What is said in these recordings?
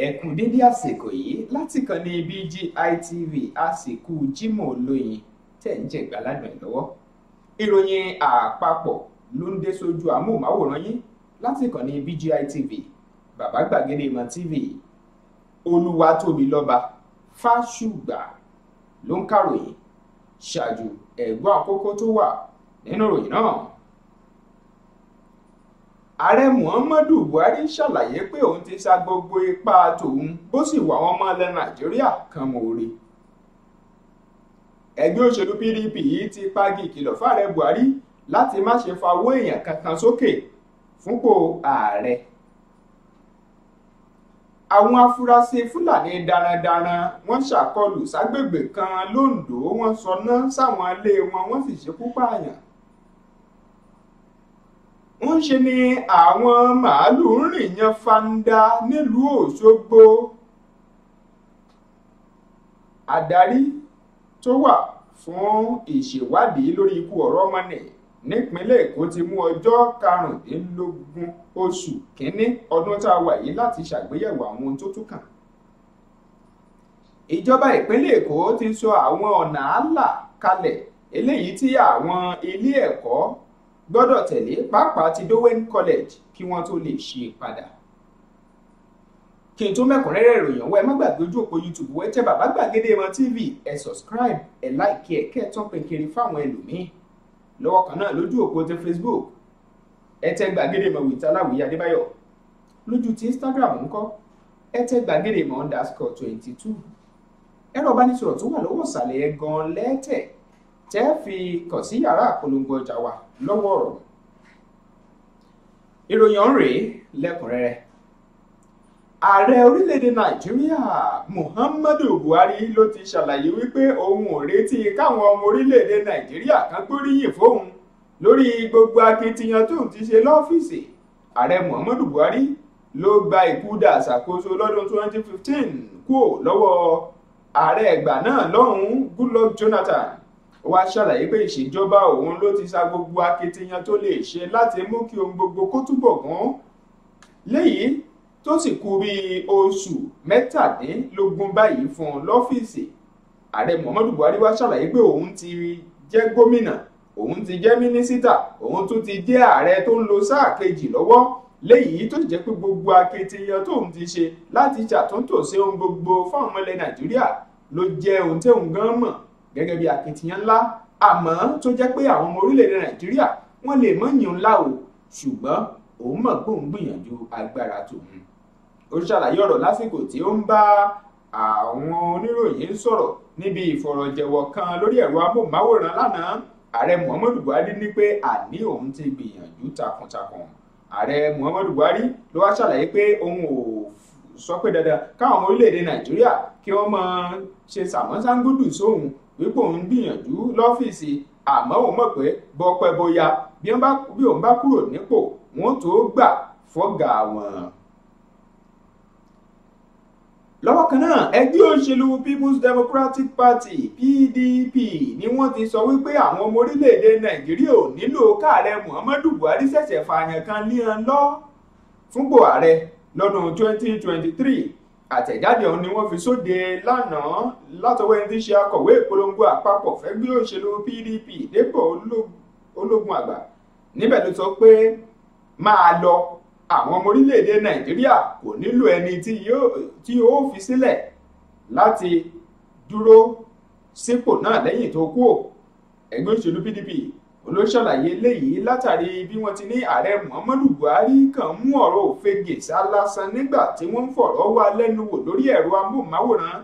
ẹ kú dédé àsìkò yìí láti kàn ní BGI TV àsìkò Jímọ̀ Olóyin tẹ̀ ń jẹ̀gbá ládùn lọ́wọ́ ìròyìn àpapọ̀ ló ń dé sójú amóhùnmáwòrán yín láti kàn ní BGI TV bàbá gbàgede ìmọ̀ TV olúwa tóbi lọ́ba fáṣùgbà ló ń kàròyìn ṣáájú ẹ̀gbọ́n àkókò tó wà nínú ìròyìn náà ààrẹ muhammadu buhari ṣàlàyé pé òun ti sa gbogbo ipá tòun bó sì wà wọn mọ́ ilẹ̀ nàìjíríà kan mòore ẹgbẹ́ òṣèlú pdp yìí ti pagi ìkìlọ̀ fáàrẹ buhari láti má ṣe fa owó èèyàn kankan sókè fúnpò ààrẹ àwọn afurasí fúlàní darandaran wọ́n ṣàkọlù ságbègbè kan londo wọ́n sọná sáwọn ilé wọn wọ́n sì ṣekú pààyàn ń ṣe ni àwọn màálùú ń rìn yan fanda nílùú Òṣogbo adarí tó wà fún ìṣèwádìí lórí ikú Ọ̀rọ̀mọnì nípínlẹ̀ Èkó ti mú ọjọ́ karùndínlógún oṣù kínní ọdún tá a wà yìí láti ṣàgbéyẹ̀wò àwọn ohun tó tún kàn ìjọba ìpínlẹ̀ Èkó ti sọ àwọn ọ̀nà ààlà kalẹ̀ eléyìí tí àwọn ilé ẹ̀kọ́ gbọ́dọ̀ tẹ̀lé pàápàá ti Dowen College kí wọ́n tó lè ṣe padà. kí n tó mẹ́kúnrẹ́rẹ́ ìròyìn ọ̀wọ́ ẹ má gbàgbé ojú òpó YouTube wẹ́ tẹ bàbá gbàgede ìmọ̀ TV ẹ subscribe ẹ like ẹ kẹ́ ẹ tán pinkiri fáwọn ẹlòmíín lọ́wọ́ kan náà lójú òpó ti Facebook ẹ tẹ gbàgede ìmọ̀ wìtá láwùyí Adébáyọ̀ lójú ti Instagram ńkọ́ ẹ tẹ gbàgede ìmọ̀ underscore twenty two ẹ̀rọ ìbánisọ̀rọ̀ tó wà lọ́wọ́ ìsàlẹ̀ gan lẹ́tẹ̀ tẹ́ fi kàn sí lọ́wọ́ ọ̀rọ̀ ìròyìn ọ̀hún rèé lẹ́kùnrẹ́rẹ́ ààrẹ orílẹ̀-èdè nàìjíríà muhammadu buhari ló ti ṣàlàyé wípé òun ò retí káwọn ọmọ orílẹ̀-èdè nàìjíríà kan gbóríyìn fóun lórí gbogbo akitiyan tóun ti ṣe lọ́fíìsì ààrẹ muhammadu buhari ló gba ìkúdà ṣàkóso lọ́dún 2015 kúò lọ́wọ́ ààrẹ ẹ̀gbà náà lọ́hùn-ún goodluck jonathan ó wá ṣàlàyé pé ìṣèjọba òun ló ti sa gbogbo akitiyan tó lè ṣe láti mú kí ohun gbogbo kó túbọ̀ gún léyìí tó sì kù bí oṣù mẹ́tàdínlógún báyìí fún un lọ́fíìsì ààrẹ muhammadu buhari wá ṣàlàyé pé òun ti jẹ́ gómìnà òun ti jẹ́ mínísítà òun tún ti jẹ́ ààrẹ tó ń lo sáà kejì lọ́wọ́ léyìí tó jẹ́ pé gbogbo akitiyan tóun ti ṣe láti ṣàtúntò sí ohun gbogbo fáwọn ọmọ ilẹ̀ nàìjíríà ló jẹ́ ohun tí òun gan mọ̀ gẹ́gẹ́ bí akitiyan ńlá àmọ́ tó jẹ́ pé àwọn ọmọ orílẹ̀-èdè nàìjíríà wọ́n lè mọ̀ yìn ńlá o ṣùgbọ́n òun mọ̀ pé òun gbìyànjú agbára tòun ó ṣàlàyé ọ̀rọ̀ lásìkò tí ó ń bá àwọn oníròyìn sọ̀rọ̀ níbi ìfọ̀rọ̀jẹ̀wọ̀ kan lórí ẹ̀rọ amóhùnmáwòrán lánàá ààrẹ muhammadu buhari ní pé àní òun ti gbìyànjú takuntakun ààrẹ muhammadu buhari ló wá ṣàlàyé pé òun ò sọ pé dandan káwọn ọmọ orílẹ̀-èdè nàìjíríà kí wọ́n máa ṣe sàmọ́sángúdù sóhun wípé òun gbìyànjú lọ́fíìsì àmọ́ òun mọ̀ pé bọ́pẹ́ bóyá bí òun bá kúrò nípò wọ́n tó gbà fọ́gà wọn. lọ́wọ́ kan náà ẹgbẹ́ òṣèlú People's Democratic Party PDP ni wọ́n ti sọ wípé àwọn ọmọ orílẹ̀-èdè nàìjíríà ò nílò káàrẹ Muhammadu Buhari ṣẹ̀ṣẹ̀ fààyàn kan líhan lọ fúnpò ààrẹ lọ́dún 2023 àtẹ̀jáde ọ̀hún ni wọ́n fi sóde lánàá látọwọ́ ẹni tí ń ṣe akọ̀wé ìpolongo àpapọ̀ fẹ́gbẹ́ òṣèlú PDP dépò ológun àgbà níbẹ̀ ló sọ pé máa lọ àwọn ọmọ orílẹ̀-èdè Nàìjíríà kò nílò ẹni tí yóò fi sílẹ̀ láti dúró sípò náà lẹ́yìn tó kú ẹgbẹ́ òṣèlú PDP ló ṣàlàyé eléyìí látàrí bí wọ́n ti ní ààrẹ Muhammadu Buhari kàn mú ọ̀rọ̀ òfegè sá lásán nígbà tí wọ́n ń fọ̀rọ̀ wá lẹ́nu wò lórí ẹ̀rọ amóhùnmáwòrán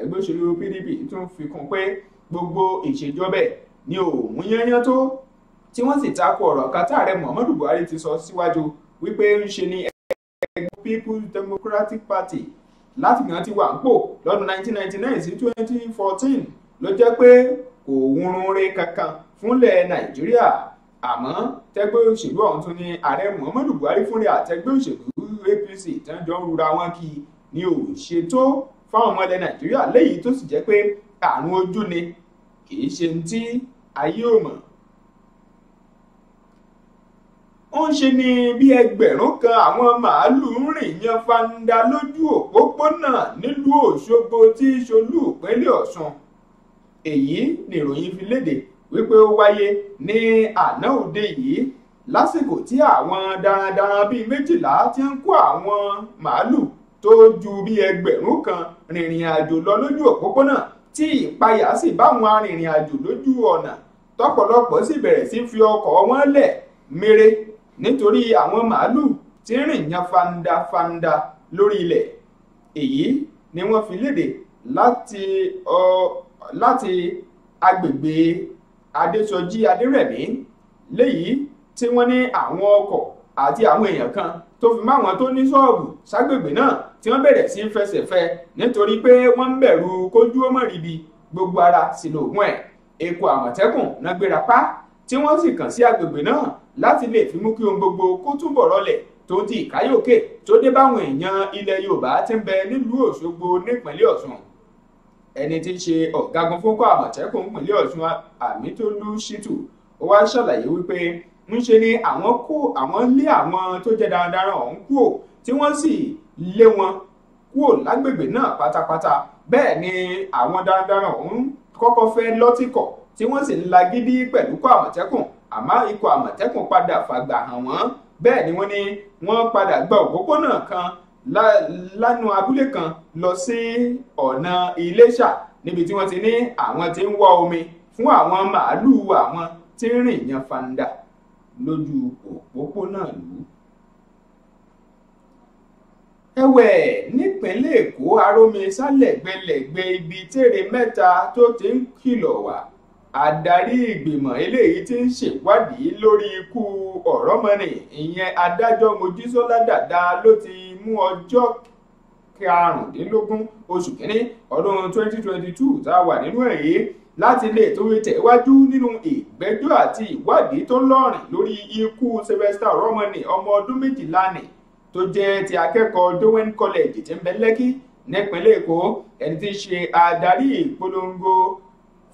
ẹgbẹ́ òṣèlú PDP tún fi kún pé gbogbo ìṣèjọbẹ̀ ni òun yányán tó tí wọ́n sì takò ọ̀rọ̀ kan tí Muhammadu Buhari ti sọ síwájú wípé ń ṣe ni ẹgbẹ́ People's Democratic Party láti gbọ́n ti wà ń pò lọ́dún 1999 sí 2014 ló jẹ́ pé kò wúrun re kankan fúnlẹ̀ nàìjíríà àmọ́ tẹ́gbẹ́ òṣèlú ọ̀hún tún ní ààrẹ muhammadu buhari fúnlẹ̀ àtẹ́gbẹ́ òṣèlú apc tán jọ ń rura wọn kí ni ò ṣe tó fáwọn ọmọ ilẹ̀ nàìjíríà léyìí tó sì jẹ́ pé àrùn ojú ni kì í ṣe ní tí ayé ò mọ̀ ó ń ṣe ni bí ẹgbẹ̀rún kan àwọn màálùú ń rìn yan fanda lójú òpópónà nílùú Òṣogbo tí í ìpínlẹ̀ Ọ̀ṣun èyí nìròyìn fi léde wípé ó wáyé ní àná òde yìí lásìkò tí àwọn darandaran bíi méjìlá ti ń kó àwọn màálù tó ju bíi ẹgbẹ̀rún kan rìnrìn àjò lọ lójú òpópónà tí ìpayà sì bá wọn arìnrìn àjò lójú ọ̀nà tọ́pọ̀lọpọ̀ sì bẹ̀rẹ̀ sí fi ọkọ̀ wọn lẹ̀ mèrè nítorí àwọn màálù tí ń rìn yan fandafanda lórí ilẹ̀ èyí ni wọ́n fi léde láti láti agbègbè adéṣọjí adérẹ̀mí léyìí tí wọ́n ní àwọn ọkọ̀ àti àwọn èèyàn kan tó fi máwọn tó ní ṣọ́ọ̀bù ságbègbè náà tí wọ́n bẹ̀rẹ̀ sí í fẹsẹ̀ fẹ nítorí pé wọ́n ń bẹ̀rù kójú ọmọ ríbi gbogbo ara sì lògùn ẹ̀ èkó àmọ̀tẹ́kùn náà gbéra pa tí wọ́n sì kàn sí agbègbè náà láti lè fi mú kí ohun gbogbo kó túbọ̀ rọlẹ̀ tó ti ìkáyòkè tó dé báwọn èèyàn ilẹ̀ yorùbá ti ń bẹ nílùú òṣogbo nípínlẹ̀ ọ̀ṣun ẹni tí í ṣe ọ̀gágun fúnkọ́ àmọ̀tẹ́kùn ìpínlẹ̀ ọ̀ṣun àmìtólú ṣìtù ó wá ṣàlàyé wípé ńṣe ni àwọn kó àwọn lé àwọn tó jẹ́ darandaran ọ̀hún kúrò tí wọ́n sì lé wọn kúrò lágbègbè náà pátápátá bẹ́ẹ̀ ni àwọn darandaran ọ̀hún kọ́kọ́ fẹ́ lọ́tìkọ̀ tí wọ́n sì ń lagídí pẹ̀lú kọ́ àmọ̀tẹ́kùn àmọ́ ikọ̀ àmọ̀tẹ́kùn padà fàgbà hàn wọ́n bẹ́ẹ̀ ni wọ́n ní wọ́n padà gba òpópónà kan lánàá abúlé kan lọ sí ọ̀nà Iléṣà níbi tí wọ́n ti ní àwọn tí ń wá omi fún àwọn màálùú àwọn tí ń rìn yan fanda lójú òpópónà ìlú. ẹ̀wẹ̀ nípínlẹ̀ Èkó arómi sálẹ̀gbẹlẹ̀gbẹ̀ ibi tèrè mẹ́ta tó ti ń kìlọ̀ wá adarí ìgbìmọ̀ eléyìí tí ń ṣèwádìí lórí ikú ọ̀rọ́mọnì ìyẹn adájọ́ Mojísọ́lá Dàda ló ti mú ọjọ́ karùndínlógún oṣù kínní ọdún 2022 twenty two tá a wà nínú ẹ̀ yìí láti lè torí tẹ̀wájú nínú ìgbẹ́jọ́ àti ìwádìí tó lọ́rìn lórí ikú Sylvester Oromoni ọmọ ọdún méjìlá nì tó jẹ́ ti akẹ́kọ̀ọ́ Dowen College tí ń bẹ Lẹ́kì nípínlẹ̀ Èkó ẹni tí ń ṣe adarí ìpolongo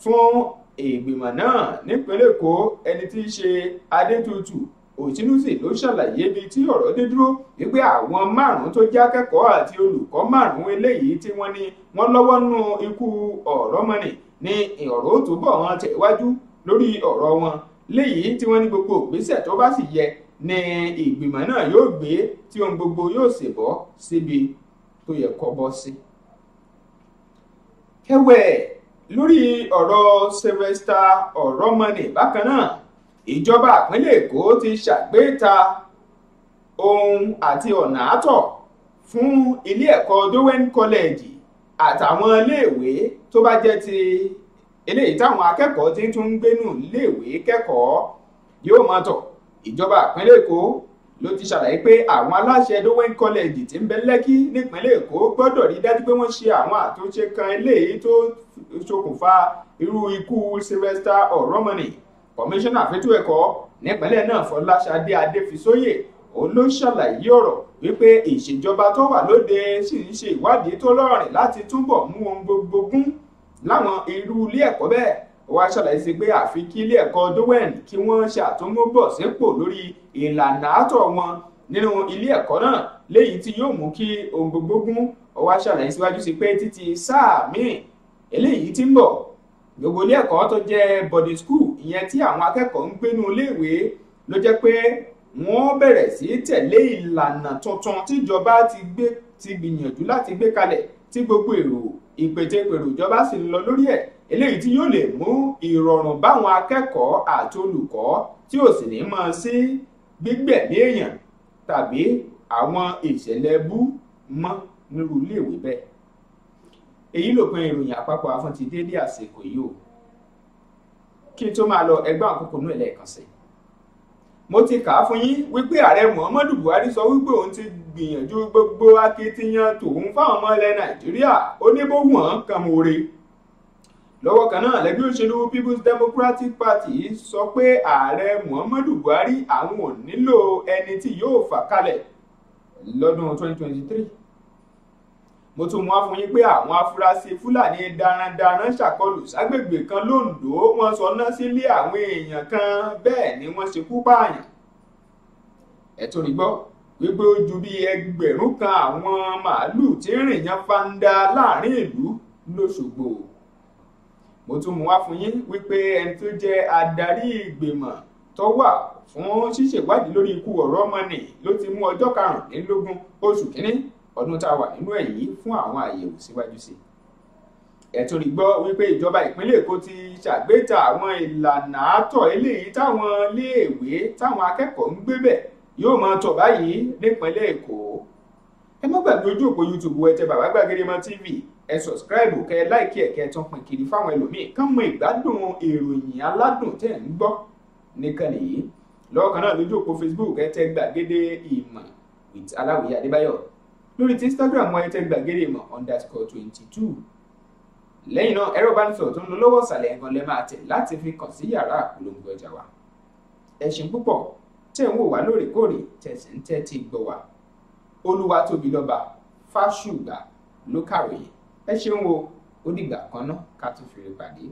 fún ìgbìmọ̀ náà nípínlẹ̀ Èkó ẹni tí ń ṣe Adétutù Òtinúsì ló ṣàlàyé ibi tí ọ̀rọ̀ dé dúró wípé àwọn márùn-ún tó jẹ́ akẹ́kọ̀ọ́ àti olùkọ́ márùn-ún eléyìí tí wọ́n ní wọ́n lọ́wọ́ nú ikú ọ̀rọ̀mọnì ní ọ̀rọ̀ òtúbọ̀ wọn tẹ̀wájú lórí ọ̀rọ̀ wọn léyìí tí wọ́n ní gbogbo ìgbésẹ̀ tó bá sì yẹ ni ìgbìmọ̀ náà yóò gbé tí ohun gbogbo yóò sì bọ́ síbi tó yẹ kó bọ́ sí. kẹ̀wẹ̀ lórí ọ̀rọ̀ Sylvester ọ̀rọ̀mọnì bákan náà ìjọba ìpínlẹ̀ èkó ti ṣàgbéta ohun àti ọ̀nà àtọ̀ fún ilé ẹ̀kọ́ dowen college àtàwọn iléèwé tó bá jẹ́ ti eléyìí táwọn akẹ́kọ̀ọ́ ti tún ń gbénú iléèwé kẹ́kọ̀ọ́ yóò máa tọ̀ ìjọba ìpínlẹ̀ èkó ló ti ṣàlàyé pé àwọn aláṣẹ dowen college ti ń bẹ lẹ́kí nípínlẹ̀ èkó gbọ́dọ̀ rí dájú pé wọ́n ṣe àwọn àtúnṣe kan eléyìí tó ṣokùnfà irú ikú sylvester oromoni kọmíṣánná fẹ́tọ́ ẹ̀kọ́ nípínlẹ̀ náà fọláṣadé adéfisóyè òun ló ṣàlàyé ọ̀rọ̀ wípé ìṣèjọba tó wà lóde sì ń ṣe ìwádìí tó lọ́rìn láti túbọ̀ mú ohun gbogbo gún láwọn irú ilé ẹ̀kọ́ bẹ́ẹ̀ wá ṣàlàyé sí pé àfi kí ilé ẹ̀kọ́ dowen kí wọ́n ṣàtúnmọ́bọ̀ sípò lórí ìlànà àtọ̀ wọn nínú ilé ẹ̀kọ́ náà léyìí tí yóò mú kí ohun gbogbo gún wá ṣàlàyé síwájú sí pé títí sáà míì eléyìí ti ń bọ̀ gbogbo ilé ẹ̀kọ́ tó jẹ́ body school ìyẹn tí àwọn akẹ́kọ̀ọ́ ń gbénú iléèwé ló jẹ́ pé wọ́n bẹ̀rẹ̀ sí tẹ̀lé ìlànà tuntun tíjọba ti gbé ti gbìyànjú láti gbé kalẹ̀ tí gbogbo èrò ìpètèpèrò ìjọba sì ń lọ lórí ẹ̀ eléyìí tí yóò lè mú ìrọ̀rùn báwọn akẹ́kọ̀ọ́ àti olùkọ́ tí ò sì ní mọ̀ sí gbígbẹ̀mí èèyàn tàbí àwọn ìṣẹ̀lẹ̀ bú mọ́ nírú iléèwé bẹ́ẹ̀ èyí lòpin ìròyìn àpapọ̀ afọ́n ti dédé àsìkò yìí o kí tó máa lọ ẹgbẹ́ àkókò náà lẹ́ẹ̀kan sí mo ti kà á fún yín wípé ààrẹ Muhammadu Buhari sọ wípé òun ti gbìyànjú gbogbo akitiyan tòun fáwọn ọmọ ilẹ̀ Nàìjíríà ó ní bó wọ́n kàn mọ́ ore lọ́wọ́ kan náà lẹ́gbẹ́ òṣèlú People's Democratic Party sọ pé ààrẹ Muhammadu Buhari àwọn ò nílò ẹni tí yóò fà kalẹ̀ lọ́dún 2023 mo tún mú wá fún yín pé àwọn afurasí fúlàní darandaran ṣàkọlù ságbègbè kan londo wọ́n sọná sílé àwọn èèyàn kan bẹ́ẹ̀ ni wọ́n ṣekú pààyàn ẹ tó rí gbọ́ wípé ó ju bíi ẹgbẹ̀rún kan àwọn màálùú tí ń rìn yan fanda láàrin ìlú lọ́ṣogbo mo tún mú wá fún yín wípé ẹni tó jẹ́ adarí ìgbìmọ̀ tó wà fún ṣíṣèwádìí lórí ikú ọ̀rọ̀ ọmọ nì ló ti mú ọjọ́ karùnínlógún oṣù kínní ọdún tá a wà nínú ẹ̀ fún àwọn àyẹ̀wò síwájú sí i ẹ̀tún rí gbọ́ wípé ìjọba ìpínlẹ̀ Èkó ti ṣàgbéta àwọn ìlànà àtọ̀ eléyìí táwọn iléèwé táwọn akẹ́kọ̀ọ́ ń gbé bẹ̀ yóò máa tọ̀ báyìí nípínlẹ̀ Èkó ẹ má gbàgbé ojú òpó YouTube ẹ Bàbá Gbàgede TV ẹ sọ̀sìkíráìbù kẹ ẹ láìkí ẹ kẹ ẹ tán pin kiri fáwọn ẹlòmíín kán mọ ìgbádùn ìròyìn aládùn tẹ̀ ń gbọ́ nìkan nìyí lọ́ọ̀kan náà lójú òpó Facebook ẹ Gbàgede Ìmọ̀ with Aláwìyé Adébáyọ̀ lórí ti instagram wa ẹtẹ gbàgede ìmọ̀ underscore twenty two lẹ́yìn náà ẹ̀rọ ìbánisọ̀rọ̀ tó ń lọ lọ́wọ́ ìsàlẹ̀ ẹ̀gan lẹ́ máa tẹ̀ láti fi kàn sí yàrá àpolongo ọjà wa ẹ ṣé púpọ̀ tẹ̀ ń wò wá lóòrèkóòrè tẹ̀sí ń tẹ́tí gbọ́ wa olúwa tóbi lọ́ba fáṣùgbà ló kàròyìn ẹ ṣeun o ó dìgbà kan náà ká tún fi rí pàdé.